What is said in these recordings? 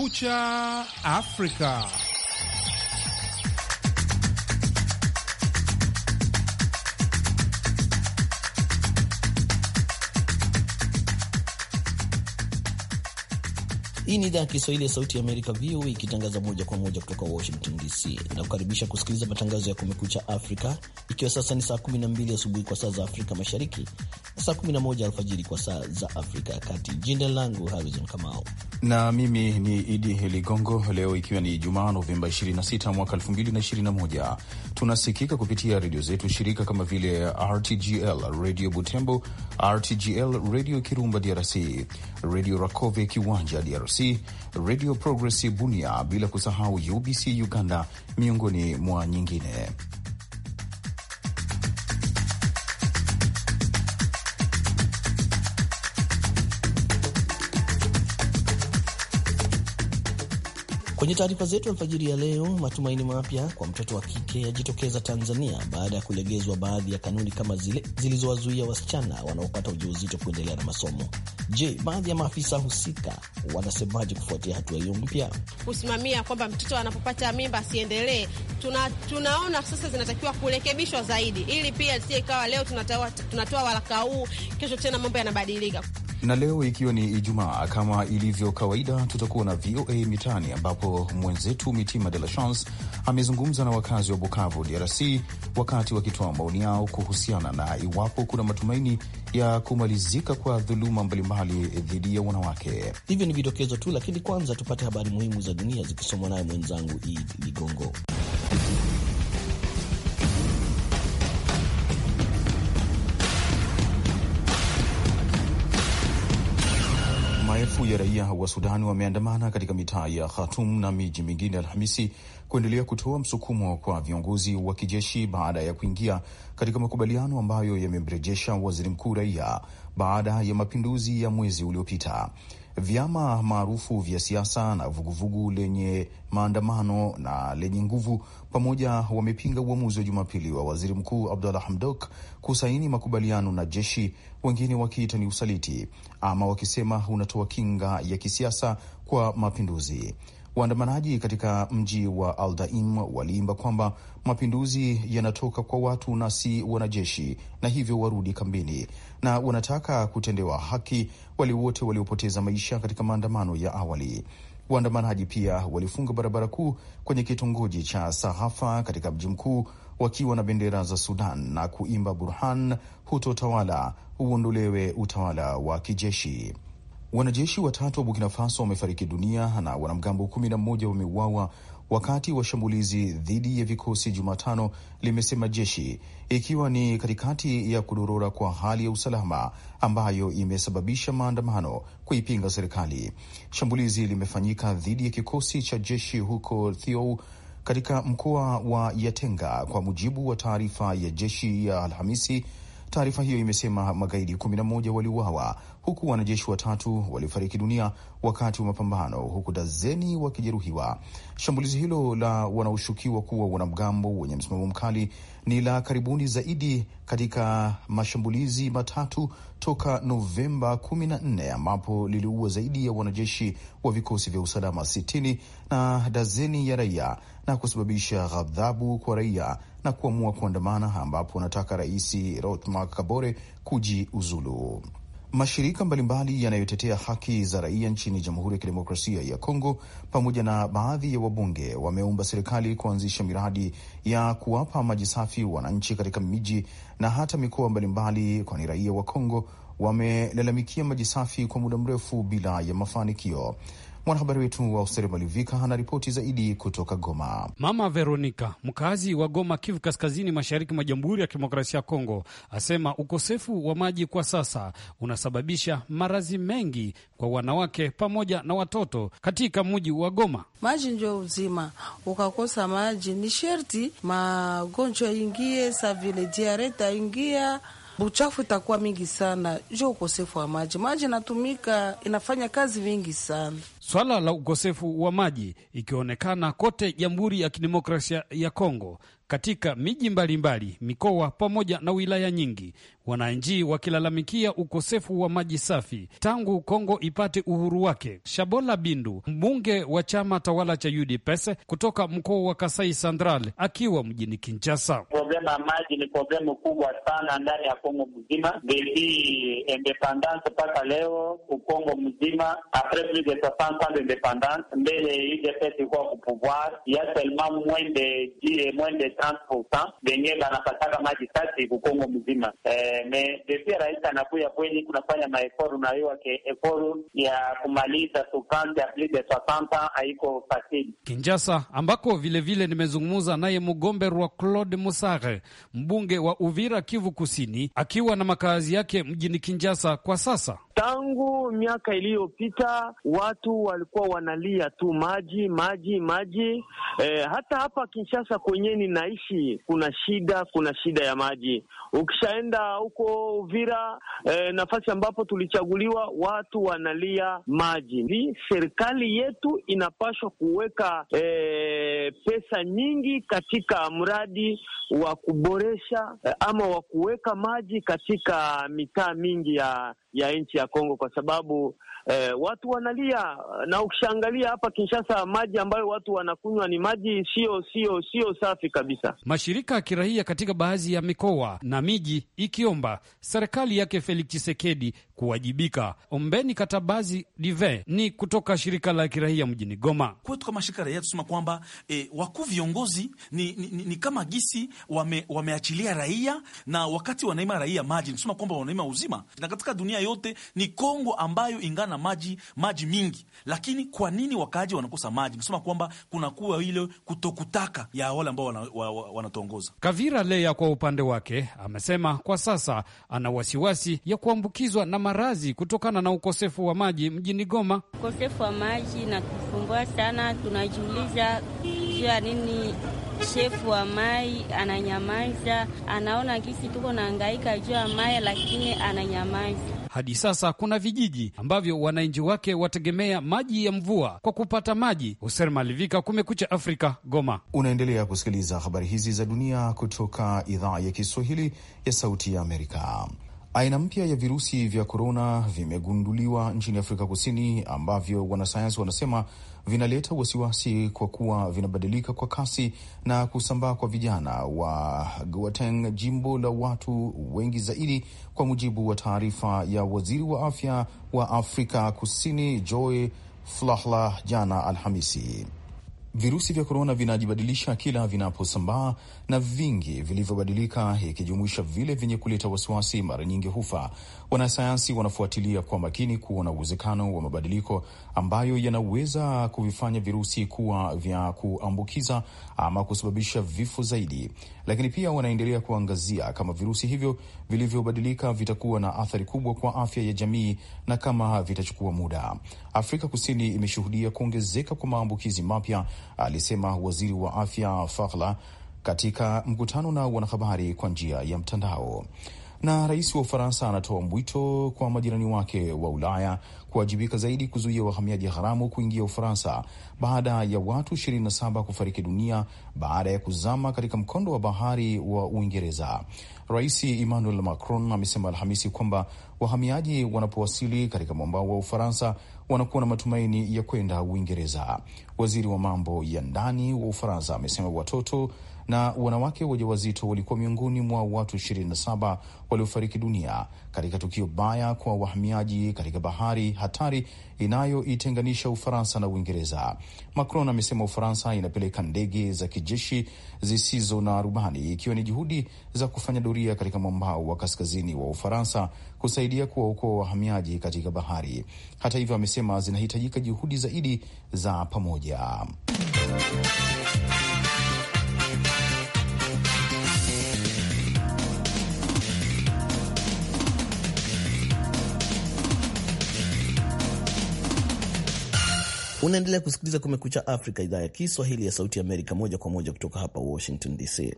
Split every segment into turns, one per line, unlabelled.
Kumekucha Afrika.
Hii ni idhaa ya Kiswahili ya Sauti ya Amerika, VOA, ikitangaza moja kwa moja kutoka Washington DC na kukaribisha kusikiliza matangazo ya Kumekucha Afrika, ikiwa sasa ni saa 12 asubuhi kwa saa za Afrika Mashariki na saa 11 alfajiri kwa saa za Afrika ya Kati. Jina langu
Harrison Kamau na mimi ni Idi Ligongo. Leo ikiwa ni Jumaa, Novemba 26 mwaka 2021, tunasikika kupitia redio zetu shirika kama vile RTGL Radio Butembo, RTGL Radio Kirumba DRC, Radio Rakove Kiwanja DRC, Radio Progress Bunia, bila kusahau UBC Uganda, miongoni mwa nyingine.
Kwenye taarifa zetu alfajiri ya leo, matumaini mapya kwa mtoto wa kike yajitokeza Tanzania baada ya kulegezwa baadhi ya kanuni kama zile zilizowazuia wasichana wanaopata ujauzito kuendelea na masomo. Je, baadhi ya maafisa husika wanasemaje kufuatia hatua hiyo mpya?
Kusimamia kwamba mtoto anapopata mimba asiendelee, tuna, tunaona sasa zinatakiwa kurekebishwa zaidi, ili pia sio ikawa leo tunatoa waraka huu, kesho tena mambo yanabadilika
na leo ikiwa ni Ijumaa, kama ilivyo kawaida, tutakuwa na VOA Mitaani, ambapo mwenzetu Mitima De La Chance amezungumza na wakazi wa Bukavu, DRC, wakati wakitoa maoni yao kuhusiana na iwapo kuna matumaini ya kumalizika kwa dhuluma mbalimbali dhidi ya wanawake.
Hivyo ni vidokezo tu, lakini kwanza tupate habari muhimu za dunia zikisomwa naye mwenzangu Idi Ligongo.
Maelfu ya raia wa Sudani wameandamana katika mitaa ya khatum na miji mingine Alhamisi kuendelea kutoa msukumo kwa viongozi wa kijeshi baada ya kuingia katika makubaliano ambayo yamemrejesha waziri mkuu raia baada ya mapinduzi ya mwezi uliopita. Vyama maarufu vya siasa na vuguvugu lenye maandamano na lenye nguvu pamoja wamepinga uamuzi wa Jumapili wa waziri mkuu Abdalla Hamdok kusaini makubaliano na jeshi, wengine wakiita ni usaliti ama wakisema unatoa kinga ya kisiasa kwa mapinduzi. Waandamanaji katika mji wa Aldaim waliimba kwamba mapinduzi yanatoka kwa watu na si wanajeshi, na hivyo warudi kambini, na wanataka kutendewa haki wale wote waliopoteza maisha katika maandamano ya awali. Waandamanaji pia walifunga barabara kuu kwenye kitongoji cha Sahafa katika mji mkuu wakiwa na bendera za Sudan na kuimba Burhan hutotawala, uondolewe utawala wa kijeshi. Wanajeshi watatu wa Burkina Faso wamefariki dunia na wanamgambo kumi na mmoja wameuawa wakati wa shambulizi dhidi ya vikosi Jumatano, limesema jeshi, ikiwa ni katikati ya kudorora kwa hali ya usalama ambayo imesababisha maandamano kuipinga serikali. Shambulizi limefanyika dhidi ya kikosi cha jeshi huko Thiou katika mkoa wa Yatenga, kwa mujibu wa taarifa ya jeshi ya Alhamisi Taarifa hiyo imesema magaidi 11 waliuawa huku wanajeshi watatu walifariki dunia wakati wa mapambano, huku dazeni wakijeruhiwa. Shambulizi hilo la wanaoshukiwa kuwa wanamgambo wenye msimamo mkali ni la karibuni zaidi katika mashambulizi matatu toka Novemba 14 ambapo liliua zaidi ya wanajeshi wa vikosi vya usalama 60 na dazeni ya raia na kusababisha ghadhabu kwa raia na kuamua kuandamana, ambapo wanataka Rais Rotmak Kabore kujiuzulu. Mashirika mbalimbali yanayotetea haki za raia nchini Jamhuri ya Kidemokrasia ya Kongo pamoja na baadhi ya wabunge wameomba serikali kuanzisha miradi ya kuwapa maji safi wananchi katika miji na hata mikoa mbalimbali, kwani raia wa Kongo wamelalamikia maji safi kwa muda mrefu bila ya mafanikio. Mwanahabari wetu wa Usteri Malivika ripoti zaidi kutoka Goma.
Mama Veronika, mkazi wa Goma, Kivu Kaskazini, mashariki mwa Jamhuri ya Kidemokrasia ya Kongo, asema ukosefu wa maji kwa sasa unasababisha marazi mengi kwa wanawake pamoja na watoto katika mji wa Goma.
Maji ndio uzima, ukakosa maji ni sherti magonjwa ingie, sa vile diareta ingia buchafu itakuwa mingi sana juu ukosefu wa maji. Maji inatumika inafanya kazi
vingi sana swala la ukosefu wa maji ikionekana kote Jamhuri ya Kidemokrasia ya Kongo katika miji mbalimbali, mikoa pamoja na wilaya nyingi, wananchi wakilalamikia ukosefu wa maji safi tangu Kongo ipate uhuru wake. Shabola Bindu, mbunge wa chama tawala cha UDPS kutoka mkoa wa Kasai Central, akiwa mjini Kinshasa. Problema ya maji ni problemu kubwa sana ndani ya Kongo mzima, depuis independance mpaka leo Ukongo mzima, apres plus de soixante ans mbele UDPS ilikuwa kupouvoir ya seulement moins de venye banapataka maji safi kukongo mzima eh, me desia rais anakuya kweli kunafanya maeforu na ke eforu ya kumaliza supante aplide swapampa haiko fasili Kinjasa, ambako vilevile nimezungumza naye mgombe rwa Claude Musare, mbunge wa Uvira, Kivu Kusini, akiwa na makazi yake mjini Kinjasa kwa sasa.
Tangu miaka iliyopita watu walikuwa wanalia tu maji maji maji, eh, hata hapa Kinshasa kwenye ni na haishi, kuna shida, kuna shida ya maji. Ukishaenda huko Uvira eh, nafasi ambapo tulichaguliwa, watu wanalia maji. Ni serikali yetu inapaswa kuweka eh, pesa nyingi katika mradi wa kuboresha eh, ama wa kuweka maji katika mitaa mingi ya ya nchi ya Kongo kwa sababu eh, watu wanalia, na ukishaangalia hapa Kinshasa, maji ambayo watu wanakunywa ni maji sio sio sio safi kabisa
kabisa. Mashirika ya kiraia katika baadhi ya mikoa na miji ikiomba serikali yake Felix Chisekedi kuwajibika. Ombeni Katabazi Dive ni kutoka shirika la kiraia mjini Goma. Kwetu kama shirika raia tusema kwamba e, wakuu
viongozi ni, ni, ni, ni kama gisi wame, wameachilia raia na wakati wanaima raia maji, nisema kwamba wanaima uzima, na katika dunia yote ni Kongo ambayo ingana maji maji mingi, lakini kwa nini wakaaji wanakosa maji? Nisema kwamba kunakuwa ile kutokutaka ya wale ambao wana, wa, wa, wanatuongoza.
Kavira Leya kwa upande wake amesema kwa sasa ana wasiwasi ya kuambukizwa na marazi kutokana na ukosefu wa maji mjini Goma.
Ukosefu wa maji na kufumbua sana, tunajiuliza juu ya nini
shefu wa mai ananyamaza, anaona gisi tuko naangaika juu ya
mai, lakini ananyamaza
hadi sasa kuna vijiji ambavyo wananchi wake wategemea maji ya mvua kwa kupata maji. Hoser Malivika, Kumekucha Afrika, Goma.
Unaendelea kusikiliza habari hizi za dunia kutoka idhaa ya Kiswahili ya Sauti ya Amerika. Aina mpya ya virusi vya korona vimegunduliwa nchini Afrika Kusini, ambavyo wanasayansi wanasema vinaleta wasiwasi kwa kuwa vinabadilika kwa kasi na kusambaa kwa vijana wa Gauteng, jimbo la watu wengi zaidi, kwa mujibu wa taarifa ya waziri wa afya wa Afrika Kusini Joy Flahla jana Alhamisi. Virusi vya korona vinajibadilisha kila vinaposambaa, na vingi vilivyobadilika, ikijumuisha vile vyenye kuleta wasiwasi, mara nyingi hufa. Wanasayansi wanafuatilia kwa makini kuona uwezekano wa mabadiliko ambayo yanaweza kuvifanya virusi kuwa vya kuambukiza ama kusababisha vifo zaidi lakini pia wanaendelea kuangazia kama virusi hivyo vilivyobadilika vitakuwa na athari kubwa kwa afya ya jamii na kama vitachukua muda. Afrika Kusini imeshuhudia kuongezeka kwa maambukizi mapya, alisema waziri wa afya Fakhla katika mkutano na wanahabari kwa njia ya mtandao. Na rais wa Ufaransa anatoa mwito kwa majirani wake wa Ulaya kuwajibika zaidi kuzuia wahamiaji haramu kuingia Ufaransa baada ya watu 27 kufariki dunia baada ya kuzama katika mkondo wa bahari wa Uingereza. Rais Emmanuel Macron amesema Alhamisi kwamba wahamiaji wanapowasili katika mwambao wa Ufaransa wanakuwa na matumaini ya kwenda Uingereza. Waziri wa mambo ya ndani wa Ufaransa amesema watoto na wanawake wajawazito walikuwa miongoni mwa watu 27 waliofariki dunia katika tukio baya kwa wahamiaji katika bahari hatari inayoitenganisha Ufaransa na Uingereza. Macron amesema Ufaransa inapeleka ndege za kijeshi zisizo na rubani ikiwa ni juhudi za kufanya doria katika mwambao wa kaskazini wa Ufaransa kusaidia kuwaokoa wahamiaji katika bahari. Hata hivyo, amesema zinahitajika juhudi zaidi za pamoja.
Unaendelea kusikiliza Kumekucha Afrika, idhaa ya Kiswahili ya Sauti Amerika, moja kwa moja kutoka hapa Washington DC.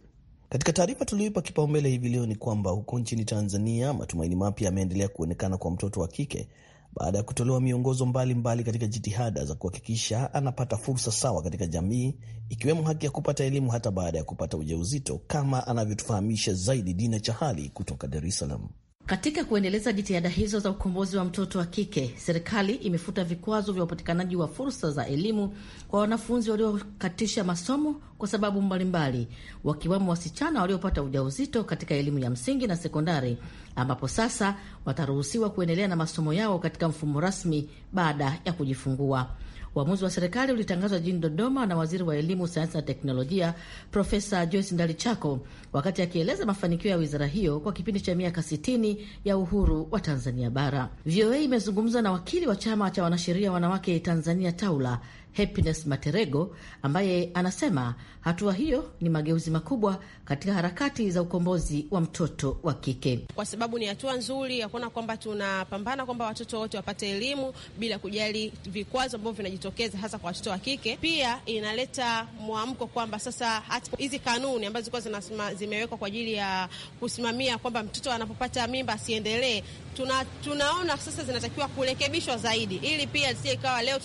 Katika taarifa tulioipa kipaumbele hivi leo ni kwamba huko nchini Tanzania matumaini mapya yameendelea kuonekana kwa mtoto wa kike baada ya kutolewa miongozo mbalimbali mbali katika jitihada za kuhakikisha anapata fursa sawa katika jamii, ikiwemo haki ya kupata elimu hata baada ya kupata ujauzito, kama anavyotufahamisha zaidi Dina Chahali kutoka Dar es Salaam.
Katika kuendeleza jitihada hizo za ukombozi wa mtoto wa kike, serikali imefuta vikwazo vya upatikanaji wa fursa za elimu kwa wanafunzi waliokatisha masomo kwa sababu mbalimbali, wakiwemo wasichana waliopata ujauzito katika elimu ya msingi na sekondari, ambapo sasa wataruhusiwa kuendelea na masomo yao katika mfumo rasmi baada ya kujifungua. Uamuzi wa serikali ulitangazwa jijini Dodoma na waziri wa elimu, sayansi na teknolojia Profesa Joyce Ndalichako wakati akieleza mafanikio ya wizara hiyo kwa kipindi cha miaka 60 ya uhuru wa Tanzania Bara. VOA imezungumza na wakili wa chama cha wanasheria wanawake Tanzania taula Happiness Materego ambaye anasema hatua hiyo ni mageuzi makubwa katika harakati za ukombozi wa mtoto wa kike,
kwa sababu ni hatua nzuri ya kuona kwamba tunapambana kwamba watoto wote wapate elimu bila kujali vikwazo ambavyo vinajitokeza hasa kwa watoto wa kike. Pia inaleta mwamko kwamba sasa hizi kanuni ambazo zilikuwa zimewekwa kwa ajili ya kusimamia kwamba mtoto anapopata mimba asiendelee, tuna, tunaona sasa zinatakiwa kurekebishwa zaidi, ili pia sio ikawa leo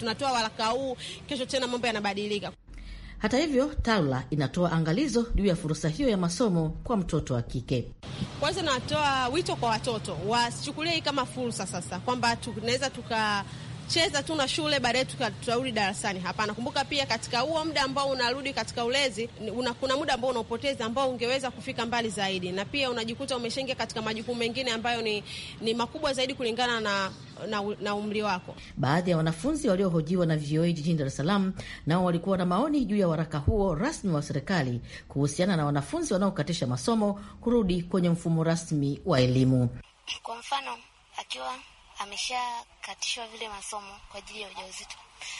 tunatoa mwaka huu, kesho tena mambo yanabadilika.
Hata hivyo, TAWLA inatoa angalizo juu ya fursa hiyo ya masomo kwa mtoto wa kike.
Kwanza natoa wito kwa watoto wasichukulie hii kama fursa sasa, kwamba tunaweza tuka cheza tu na shule, baadaye tutarudi darasani. Hapana, kumbuka pia katika huo muda ambao unarudi katika ulezi una, kuna muda ambao unaopoteza ambao ungeweza kufika mbali zaidi, na pia unajikuta umeshaingia katika majukumu mengine ambayo ni, ni makubwa zaidi kulingana na na, na umri wako.
Baadhi ya wanafunzi waliohojiwa na VOA jijini Dar es Salaam nao walikuwa na maoni juu ya waraka huo rasmi wa serikali kuhusiana na wanafunzi wanaokatisha masomo kurudi kwenye mfumo rasmi wa elimu. Kwa mfano, akiwa amesha kukatishwa vile masomo kwa ajili ya ujauzito.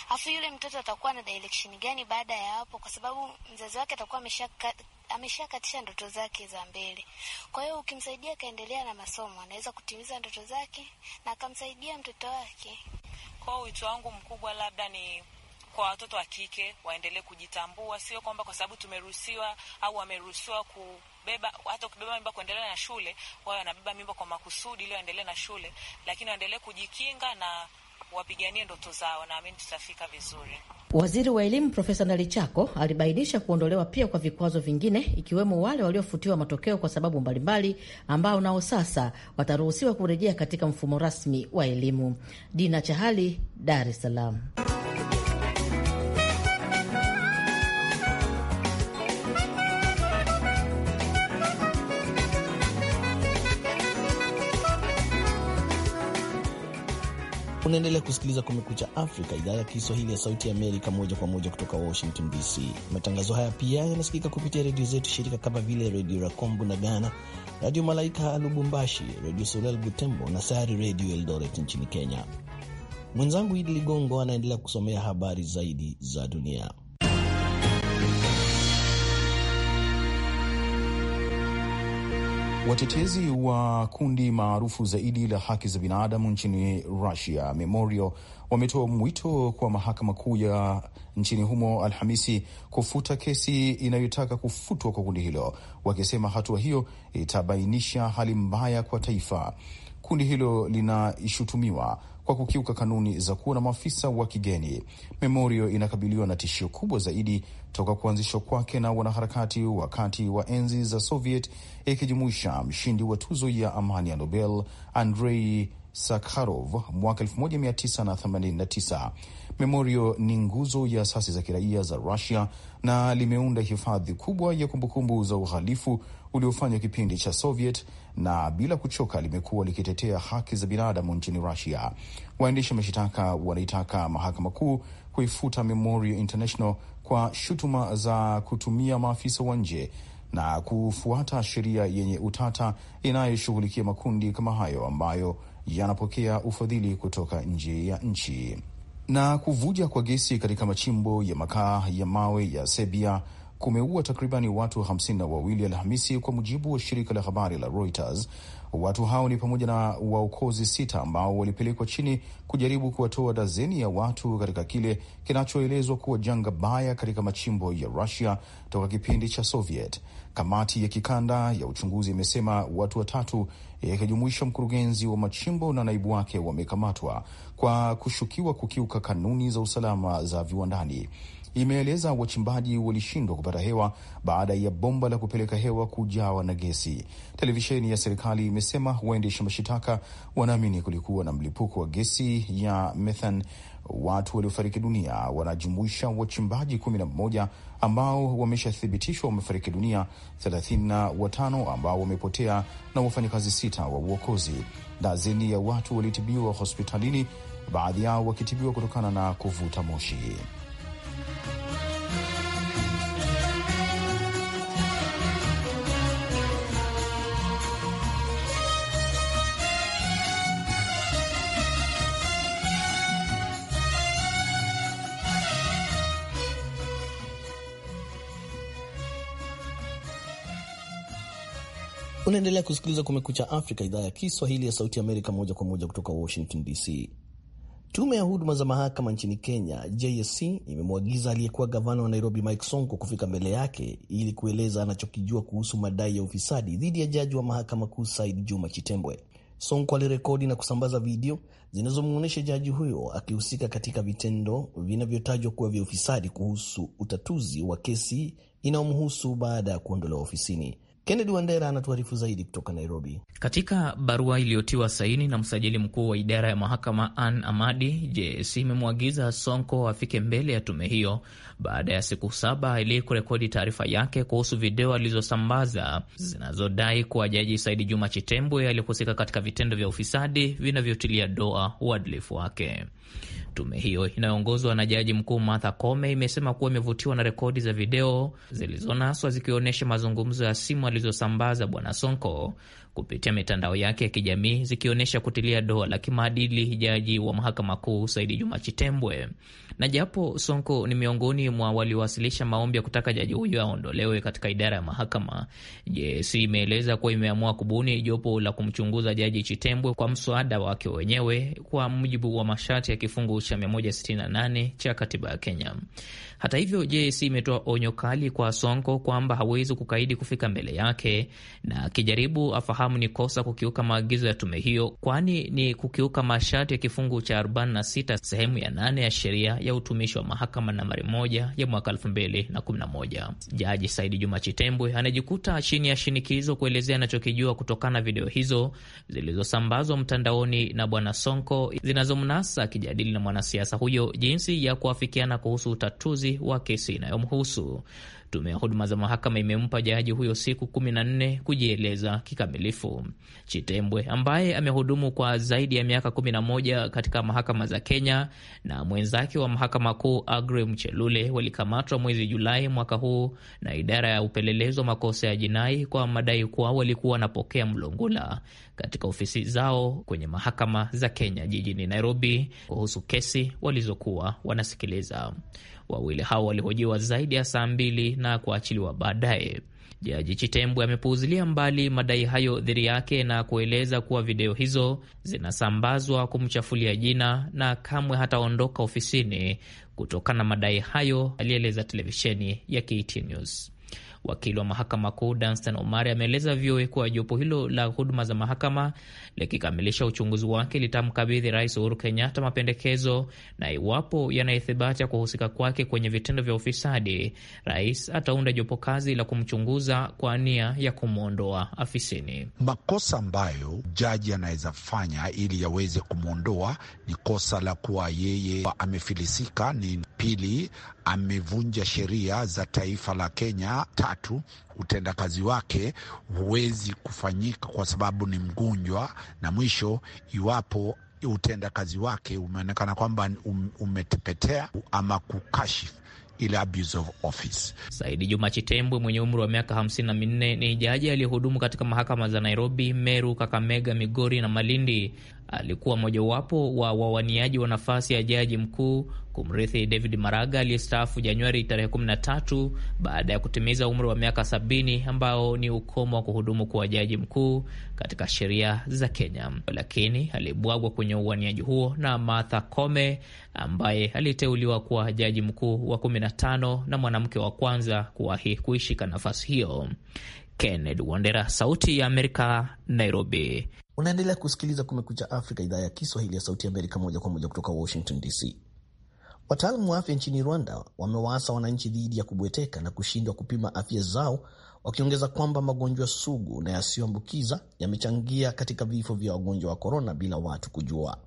alafu yule mtoto atakuwa na direction gani baada ya hapo? Kwa sababu mzazi wake atakuwa ameshakatisha ndoto zake za mbele. Kwa hiyo ukimsaidia akaendelea na masomo, anaweza kutimiza ndoto zake na akamsaidia mtoto wake.
Kwa hiyo wito wangu mkubwa labda ni kwa watoto wa kike waendelee kujitambua, sio kwamba kwa sababu tumeruhusiwa au wameruhusiwa ku beba hata kubeba mimba kuendelea na shule, wao wanabeba mimba kwa makusudi ili waendelee na shule, lakini waendelee kujikinga na wapiganie ndoto zao. Naamini tutafika vizuri.
Waziri wa Elimu Profesa Ndalichako alibainisha kuondolewa pia kwa vikwazo vingine ikiwemo wale waliofutiwa matokeo kwa sababu mbalimbali, ambao nao sasa wataruhusiwa kurejea katika mfumo rasmi wa elimu. Dina Chahali, Dar es Salaam.
Unaendelea kusikiliza Kumekucha Afrika, idhaa ya Kiswahili ya Sauti ya Amerika, moja kwa moja kutoka Washington DC. Matangazo haya pia yanasikika kupitia redio zetu shirika kama vile Redio racombu na Ghana, radio Malaika Lubumbashi, Redio Soleil Butembo na Sayari Redio Eldoret nchini Kenya. Mwenzangu Idi Ligongo anaendelea kusomea habari zaidi za dunia.
Watetezi wa kundi maarufu zaidi la haki za binadamu nchini Russia, Memorial, wametoa mwito kwa mahakama kuu ya nchini humo Alhamisi kufuta kesi inayotaka kufutwa kwa kundi hilo, wakisema hatua hiyo itabainisha hali mbaya kwa taifa. Kundi hilo linaishutumiwa kwa kukiuka kanuni za kuwa na maafisa wa kigeni. Memorial inakabiliwa na tishio kubwa zaidi toka kuanzishwa kwake na wanaharakati wakati wa enzi za Soviet, ikijumuisha mshindi wa tuzo ya amani ya Nobel Andrei Sakharov mwaka 1989. Memorial ni nguzo ya asasi za kiraia za Rusia na limeunda hifadhi kubwa ya kumbukumbu za uhalifu uliofanywa kipindi cha Soviet na bila kuchoka limekuwa likitetea haki za binadamu nchini Rusia. Waendesha mashitaka wanaitaka mahakama kuu kuifuta Memorial International kwa shutuma za kutumia maafisa wa nje na kufuata sheria yenye utata inayoshughulikia makundi kama hayo ambayo yanapokea ufadhili kutoka nje ya nchi. Na kuvuja kwa gesi katika machimbo ya makaa ya mawe ya Serbia kumeua takribani watu hamsini na wawili Alhamisi, kwa mujibu wa shirika la habari la Reuters Watu hao ni pamoja na waokozi sita ambao walipelekwa chini kujaribu kuwatoa dazeni ya watu katika kile kinachoelezwa kuwa janga baya katika machimbo ya Rusia toka kipindi cha Soviet. Kamati ya kikanda ya uchunguzi imesema watu watatu yakijumuisha mkurugenzi wa machimbo na naibu wake wamekamatwa kwa kushukiwa kukiuka kanuni za usalama za viwandani imeeleza wachimbaji walishindwa kupata hewa baada ya bomba la kupeleka hewa kujawa na gesi. Televisheni ya serikali imesema waendesha mashitaka wanaamini kulikuwa na mlipuko wa gesi ya methane. Watu waliofariki dunia wanajumuisha wachimbaji kumi na mmoja ambao wameshathibitishwa wamefariki dunia, thelathini na watano ambao wamepotea na wafanyakazi sita wa uokozi. Dazeni ya watu walitibiwa hospitalini, baadhi yao wakitibiwa kutokana na kuvuta moshi.
Unaendelea kusikiliza Kumekucha Afrika, idhaa ya Kiswahili ya Sauti Amerika, moja kwa moja kutoka Washington DC. Tume ya huduma za mahakama nchini Kenya, JSC, imemwagiza aliyekuwa gavana wa Nairobi Mike Sonko kufika mbele yake ili kueleza anachokijua kuhusu madai ya ufisadi dhidi ya jaji wa mahakama kuu Said Juma Chitembwe. Sonko alirekodi na kusambaza video zinazomwonyesha jaji huyo akihusika katika vitendo vinavyotajwa kuwa vya ufisadi kuhusu utatuzi wa kesi inayomhusu baada ya kuondolewa ofisini. Kennedy Wandera anatuarifu zaidi kutoka Nairobi.
Katika barua iliyotiwa saini na msajili mkuu wa idara ya mahakama Ann Amadi, JS imemwagiza Sonko afike mbele ya tume hiyo baada ya siku saba ili kurekodi taarifa yake kuhusu video alizosambaza zinazodai kuwa Jaji Saidi Juma Chitembwe alihusika katika vitendo vya ufisadi vinavyotilia doa uadilifu wake. Tume hiyo inayoongozwa na jaji mkuu Martha Koome imesema kuwa imevutiwa na rekodi za video zilizonaswa zikionyesha mazungumzo ya simu alizosambaza Bwana Sonko kupitia mitandao yake ya kijamii zikionyesha kutilia doa la kimaadili jaji wa mahakama kuu Saidi Juma Chitembwe. Na japo Sonko ni miongoni mwa waliowasilisha maombi ya kutaka jaji huyo aondolewe katika idara ya mahakama, je, si imeeleza kuwa imeamua kubuni jopo la kumchunguza jaji Chitembwe kwa mswada wake wenyewe kwa mujibu wa masharti ya kifungu cha 168 cha katiba ya Kenya. Hata hivyo, JSC imetoa onyo kali kwa Sonko kwamba hawezi kukaidi kufika mbele yake, na akijaribu afahamu ni kosa kukiuka maagizo ya tume hiyo, kwani ni kukiuka masharti ya kifungu cha 46 sehemu ya 8 ya sheria ya utumishi wa mahakama nambari moja ya mwaka elfu mbili na kumi na moja. Jaji Saidi Juma Chitembwe anajikuta chini ya shinikizo kuelezea anachokijua kutokana video hizo zilizosambazwa mtandaoni na Bwana Sonko zinazomnasa akijadili na mwanasiasa huyo jinsi ya kuafikiana kuhusu utatuzi wa kesi inayomhusu. Tume ya huduma za mahakama imempa jaji huyo siku kumi na nne kujieleza kikamilifu. Chitembwe ambaye amehudumu kwa zaidi ya miaka kumi na moja katika mahakama za Kenya na mwenzake wa mahakama kuu agre Mchelule walikamatwa mwezi Julai mwaka huu na idara ya upelelezi wa makosa ya jinai kwa madai kuwa walikuwa wanapokea mlungula katika ofisi zao kwenye mahakama za Kenya jijini Nairobi kuhusu kesi walizokuwa wanasikiliza. Wawili hao walihojiwa zaidi ya saa mbili na kuachiliwa baadaye. Jaji Chitembwe amepuuzilia mbali madai hayo dhidi yake na kueleza kuwa video hizo zinasambazwa kumchafulia jina na kamwe hataondoka ofisini kutokana na madai hayo, alieleza televisheni ya KT News. Wakili wa mahakama kuu Danstan Omari ameeleza VOA kuwa jopo hilo la huduma za mahakama likikamilisha uchunguzi wake litamkabidhi Rais Uhuru Kenyatta mapendekezo, na iwapo ya kuhusika kwake kwenye vitendo vya ufisadi, rais ataunda jopo kazi la kumchunguza kwa nia ya kumwondoa afisini. Makosa ambayo jaji anaweza fanya ili yaweze kumwondoa ni kosa la kuwa yeye
amefilisika, ni pili, amevunja sheria za taifa la Kenya tatu, utendakazi wake huwezi kufanyika kwa sababu ni mgonjwa, na mwisho iwapo utendakazi wake umeonekana kwamba um,
umetepetea ama kukashifu ile abuse of office. Saidi Juma Chitembwe mwenye umri wa miaka hamsini na minne ni jaji aliyehudumu katika mahakama za Nairobi, Meru, Kakamega, Migori na Malindi alikuwa mojawapo wa wawaniaji wa nafasi ya jaji mkuu kumrithi David Maraga aliyestaafu Januari tarehe 13 baada ya kutimiza umri wa miaka 70 ambao ni ukomo wa kuhudumu kuwa jaji mkuu katika sheria za Kenya, lakini alibwagwa kwenye uwaniaji huo na Martha Koome ambaye aliteuliwa kuwa jaji mkuu wa 15 na mwanamke wa kwanza kuwahi kuishika nafasi hiyo. Kenneth Wandera, Sauti ya Amerika, Nairobi. Unaendelea kusikiliza Kumekucha Afrika, idhaa ya Kiswahili ya Sauti ya Amerika, moja kwa moja kutoka Washington DC.
Wataalamu wa afya nchini Rwanda wamewaasa wananchi dhidi ya kubweteka na kushindwa kupima afya zao, wakiongeza kwamba magonjwa sugu na yasiyoambukiza yamechangia katika vifo vya wagonjwa wa korona bila watu kujua.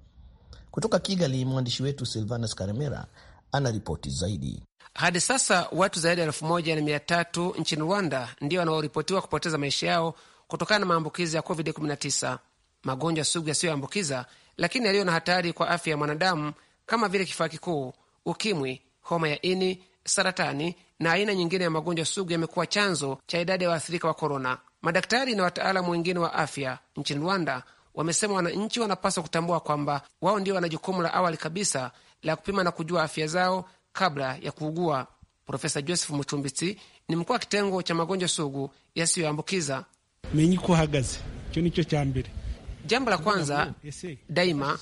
Kutoka Kigali, mwandishi wetu Silvanus Karemera ana ripoti zaidi.
Hadi sasa watu zaidi ya elfu moja na mia tatu nchini Rwanda ndio wanaoripotiwa kupoteza maisha yao kutokana na maambukizi ya COVID-19 magonjwa sugu yasiyoambukiza lakini yaliyo na hatari kwa afya ya mwanadamu kama vile kifua kikuu, ukimwi, homa ya ini, saratani na aina nyingine ya magonjwa sugu yamekuwa chanzo cha idadi ya waathirika wa korona. Madaktari na wataalamu wengine wa afya nchini Rwanda wamesema wananchi wanapaswa kutambua kwamba wao ndio wana jukumu la awali kabisa la kupima na kujua afya zao kabla ya kuugua. Profesa Joseph Mutumbitsi ni mkuu wa kitengo cha magonjwa sugu yasiyoambukiza. menyi kuhagaze uhagaze nicho cha mbere Jambo la kwanza daima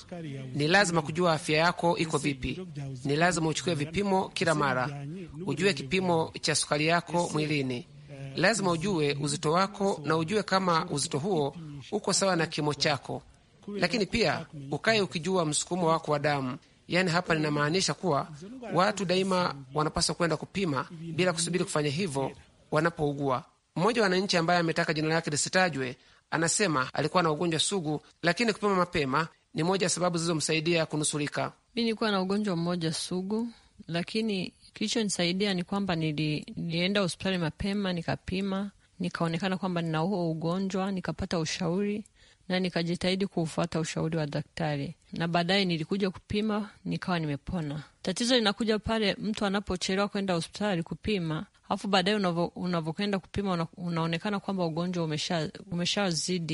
ni lazima kujua afya yako iko vipi. Ni lazima uchukue vipimo kila mara, ujue kipimo cha sukari yako mwilini. Lazima ujue uzito wako na ujue kama uzito huo uko sawa na kimo chako, lakini pia ukaye ukijua msukumo wako wa damu. Yaani hapa ninamaanisha kuwa watu daima wanapaswa kwenda kupima bila kusubiri kufanya hivyo wanapougua. Mmoja wa wananchi ambaye ametaka jina lake lisitajwe Anasema alikuwa na ugonjwa sugu, lakini kupima mapema ni moja ya sababu zilizomsaidia kunusurika.
Mi nilikuwa na ugonjwa mmoja sugu, lakini kilichonisaidia ni kwamba nili, nilienda hospitali mapema nikapima, nikaonekana kwamba nina huo ugonjwa, nikapata ushauri na nikajitahidi kuufuata ushauri wa daktari, na baadaye nilikuja kupima nikawa nimepona. Tatizo linakuja pale mtu anapochelewa kwenda hospitali kupima, alafu baadaye
unavyokwenda kupima una, unaonekana kwamba ugonjwa umeshazidi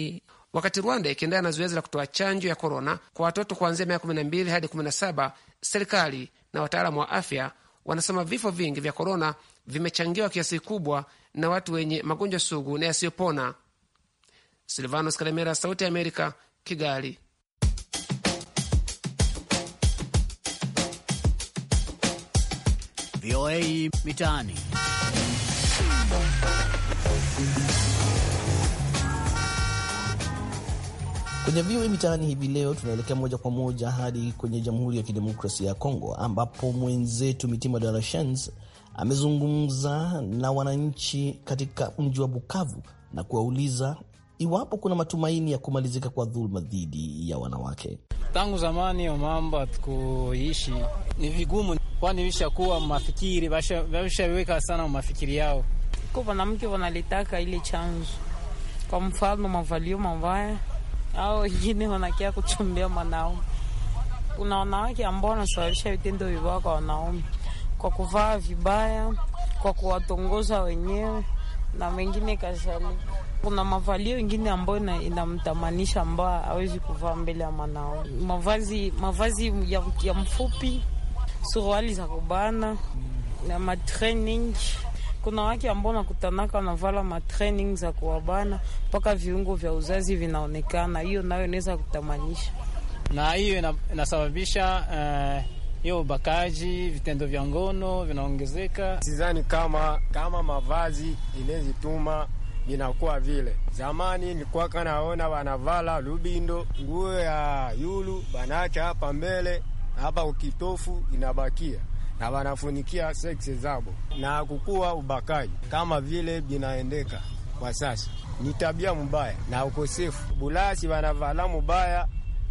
umesha Wakati Rwanda ikiendelea na zoezi la kutoa chanjo ya korona kwa watoto kuanzia miaka mbili hadi saba serikali na wataalamu wa afya wanasema vifo vingi vya korona vimechangiwa kiasi kikubwa na watu wenye magonjwa sugu na yasiyopona. Silvanos Kalemera, Sauti ya Amerika, Kigali. VOA Mitaani.
Kwenye VOA Mitaani hivi leo tunaelekea moja kwa moja hadi kwenye Jamhuri ya Kidemokrasia ya Kongo ambapo mwenzetu Mitima de amezungumza na wananchi katika mji wa Bukavu na kuwauliza iwapo kuna matumaini ya kumalizika kwa dhuluma dhidi ya wanawake.
Tangu zamani yo mambo hatukuishi, ni vigumu, kwani vishakuwa mafikiri vashaweka sana mafikiri yao ku vanamke wanalitaka ile chanzo, kwa mfano mavalio mabaya au wengine wanakia kuchumbia mwanaume. Kuna wanawake ambao wanasababisha vitendo vibaya kwa wanaume, kwa kuvaa vibaya, kwa kuwatongoza wenyewe na mengine kadhalika kuna mavalio ingine ambayo inamtamanisha ambayo hawezi kuvaa mbele ya manao, mavazi mavazi ya, ya mfupi, suruali za kubana na matraining kuna wake ambao nakutanaka wanavala matraining za kuwabana mpaka viungo vya uzazi vinaonekana. Hiyo nayo inaweza kutamanisha, na hiyo inasababisha eh, hiyo ubakaji, vitendo vya ngono vinaongezeka. Sidhani kama kama mavazi inazituma vinakuwa vile. Zamani nilikuwa naona wanavala lubindo nguo ya yulu banacha hapa mbele hapa ukitofu inabakia na wanafunikia seksi zabo na kukuwa ubakaji kama vile binaendeka kwa sasa. Ni tabia mubaya na ukosefu bulasi wanavala mubaya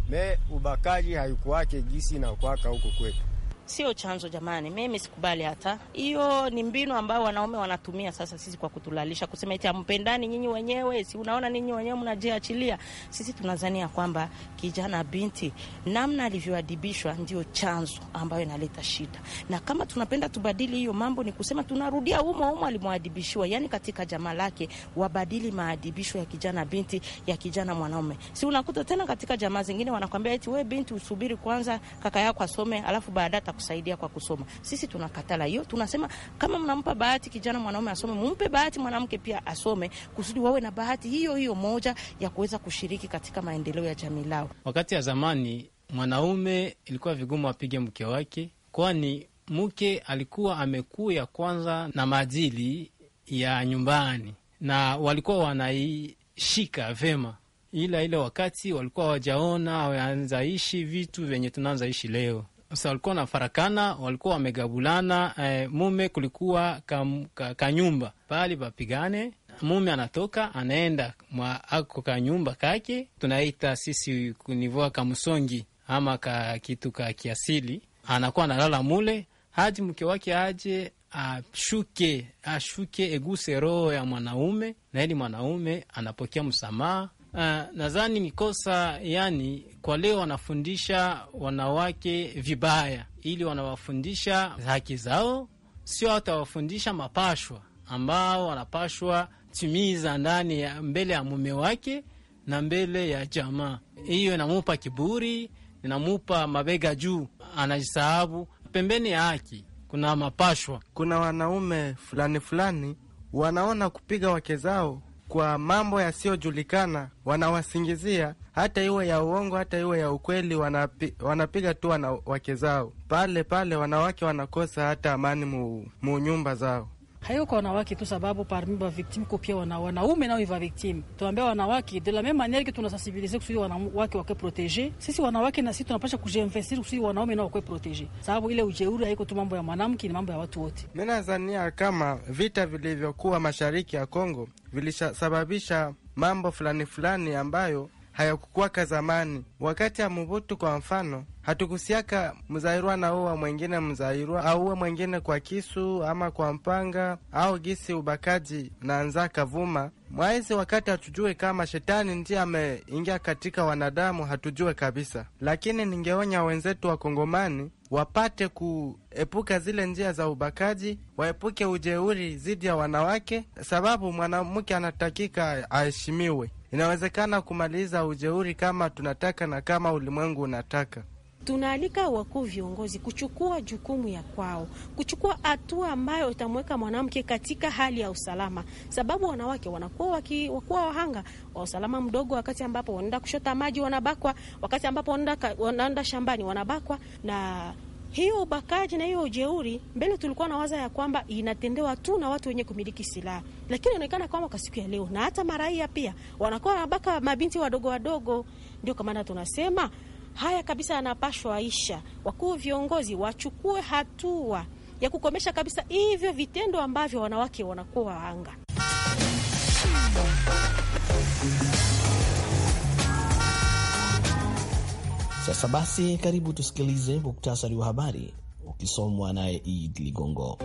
me ubakaji haikuwake gisi na kwaka huko kwetu.
Sio chanzo jamani, mimi sikubali. Hata hiyo ni mbinu ambayo wanaume wanatumia sasa sisi kwa kutulalisha, kusema eti ampendani nyinyi wenyewe, si unaona ninyi wenyewe mnajiachilia. Sisi tunazania kwamba kijana binti, namna alivyoadibishwa ndio chanzo ambayo inaleta shida, na kama tunapenda tubadili hiyo mambo, ni kusema tunarudia umo umo alimwadibishiwa, yani katika jamaa lake wabadili maadibisho ya kijana binti, ya kijana mwanaume. Si unakuta tena katika jamaa zingine wanakwambia eti we binti, usubiri kwanza kaka yako asome, alafu baadaye atakusaidia kwa kusoma. Sisi tunakatala hiyo, tunasema kama mnampa bahati kijana mwanaume asome, mumpe bahati mwanamke pia asome, kusudi wawe na bahati hiyo hiyo moja ya kuweza kushiriki katika maendeleo ya jamii lao.
Wakati ya zamani mwanaume ilikuwa vigumu apige mke wake, kwani mke alikuwa amekuya kwanza na maadili ya nyumbani na walikuwa wanaishika vema, ila ile wakati walikuwa wajaona waanzaishi vitu vyenye tunaanzaishi leo sa walikuwa wanafarakana, walikuwa wamegabulana. E, mume kulikuwa kanyumba ka, ka pali papigane mume anatoka anaenda mwa ako kanyumba kake, tunaita sisi kunivoa kamsongi ama ka kitu ka kiasili, anakuwa analala mule haji mke wake aje ashuke ashuke eguse roho ya mwanaume, na ili mwanaume anapokea msamaha Uh, nadhani ni kosa yani, kwa leo wanafundisha wanawake vibaya, ili wanawafundisha haki zao, sio watawafundisha mapashwa ambao wanapashwa timiza ndani ya mbele ya mume wake na mbele ya jamaa. Hiyo inamupa kiburi, inamupa mabega juu, anajisahabu pembeni ya haki. Kuna mapashwa, kuna wanaume fulani fulani
wanaona kupiga wake zao kwa mambo yasiyojulikana, wanawasingizia hata iwe ya uongo, hata iwe ya ukweli, wanapi, wanapiga tu wanawake zao pale pale. Wanawake wanakosa hata amani mu, mu nyumba zao
hayo kwa wanawake tu, sababu parmi ba victime ko pia wana wanaume nao iva victime. Tuambia wanawake de la même manière que sensibiliser kusudi wanawake wakwe protéger. sisi wanawake na sisi tunapasha kujinvestir kusudi wanaume nao wakwe protéger, sababu ile ujeuri haiko tu mambo ya mwanamke, ni mambo ya watu wote.
Mimi nadhania kama vita vilivyokuwa mashariki ya Kongo vilisababisha mambo fulani fulani ambayo hayakukuwaka zamani. Wakati ya Mubutu kwa mfano, hatukusiaka mzairwa na uwa mwengine mzairwa au uwa mwengine kwa kisu ama kwa mpanga au gisi ubakaji naanza kavuma mwaizi. Wakati hatujue kama shetani ndiye ameingia katika wanadamu, hatujue kabisa. Lakini ningeonya wenzetu wakongomani wapate kuepuka zile njia za ubakaji, waepuke ujeuri dhidi ya wanawake, sababu mwanamke anatakika aheshimiwe. Inawezekana kumaliza ujeuri kama tunataka na kama ulimwengu unataka.
Tunaalika wakuu viongozi kuchukua jukumu ya kwao, kuchukua hatua ambayo itamweka mwanamke katika hali ya usalama, sababu wanawake wanakuwa wakiwakuwa wahanga wa usalama mdogo, wakati ambapo wanaenda kushota maji wanabakwa, wakati ambapo wanaenda shambani wanabakwa na hiyo ubakaji na hiyo ujeuri, mbele tulikuwa na waza ya kwamba inatendewa tu na watu wenye kumiliki silaha, lakini inaonekana kwamba kwa siku ya leo na hata maraia pia wanakuwa wanabaka mabinti wadogo wadogo. Ndio kwa maana tunasema haya kabisa yanapashwa aisha, wakuu viongozi wachukue hatua ya kukomesha kabisa hivyo vitendo ambavyo wanawake wanakuwa wahanga.
Sasa basi, karibu tusikilize muktasari wa habari ukisomwa naye Id Ligongo.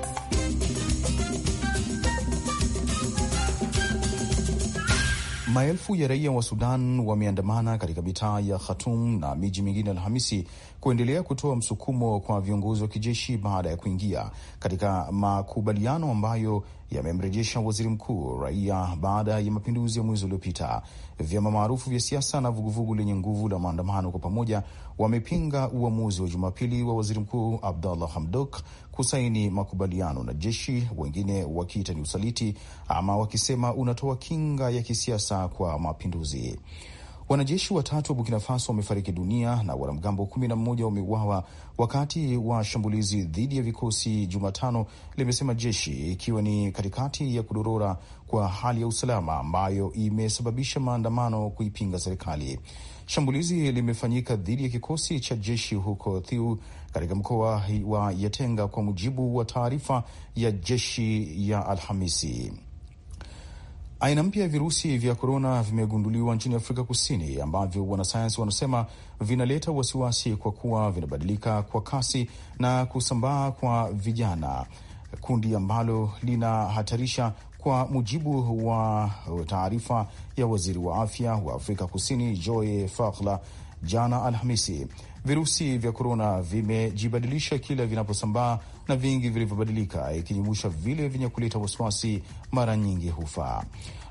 Maelfu ya raia wa Sudan wameandamana katika mitaa ya khatum na miji mingine Alhamisi kuendelea kutoa msukumo kwa viongozi wa kijeshi baada ya kuingia katika makubaliano ambayo yamemrejesha waziri mkuu raia baada ya mapinduzi ya mwezi uliopita. Vyama maarufu vya siasa na vuguvugu lenye nguvu la maandamano kwa pamoja wamepinga uamuzi wa Jumapili wa waziri mkuu Abdallah Hamdok kusaini makubaliano na jeshi, wengine wakiita ni usaliti ama wakisema unatoa kinga ya kisiasa kwa mapinduzi. Wanajeshi watatu wa Burkina Faso wamefariki dunia na wanamgambo kumi na mmoja wameuawa wakati wa shambulizi dhidi ya vikosi Jumatano, limesema jeshi, ikiwa ni katikati ya kudorora kwa hali ya usalama ambayo imesababisha maandamano kuipinga serikali. Shambulizi limefanyika dhidi ya kikosi cha jeshi huko Thiu katika mkoa wa Yatenga, kwa mujibu wa taarifa ya jeshi ya Alhamisi. Aina mpya ya virusi vya korona vimegunduliwa nchini Afrika Kusini, ambavyo wanasayansi wanasema vinaleta wasiwasi kwa kuwa vinabadilika kwa kasi na kusambaa kwa vijana, kundi ambalo linahatarisha kwa mujibu wa taarifa ya waziri wa afya wa Afrika Kusini joe Fakhla jana Alhamisi. Virusi vya korona vimejibadilisha kila vinaposambaa na vingi vilivyobadilika, ikijumuisha vile vyenye kuleta wasiwasi, mara nyingi hufa.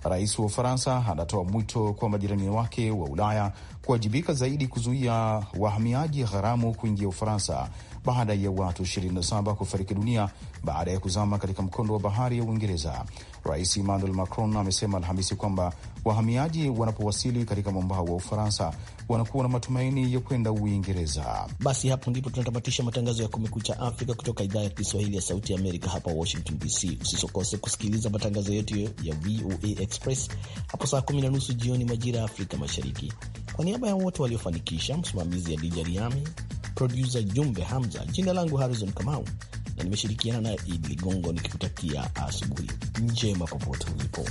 Rais wa Ufaransa anatoa mwito kwa majirani wake wa Ulaya kuwajibika zaidi kuzuia wahamiaji haramu kuingia Ufaransa baada ya watu 27 kufariki dunia baada ya kuzama katika mkondo wa bahari ya Uingereza. Rais Emmanuel Macron amesema Alhamisi kwamba Wahamiaji wanapowasili katika mwambao wa Ufaransa wanakuwa na matumaini ya kwenda Uingereza. Basi hapo ndipo tunatamatisha matangazo ya Kumekucha
Afrika kutoka idhaa ya Kiswahili ya Sauti ya Amerika hapa Washington DC. Usisokose kusikiliza matangazo yetu ya VOA Express hapo saa kumi na nusu jioni majira ya Afrika Mashariki. Kwa niaba ya wote waliofanikisha, msimamizi ya Dija Riami, produsa Jumbe Hamza, jina langu Harrison Kamau na nimeshirikiana naye Idi Ligongo nikikutakia asubuhi njema popote ulipo.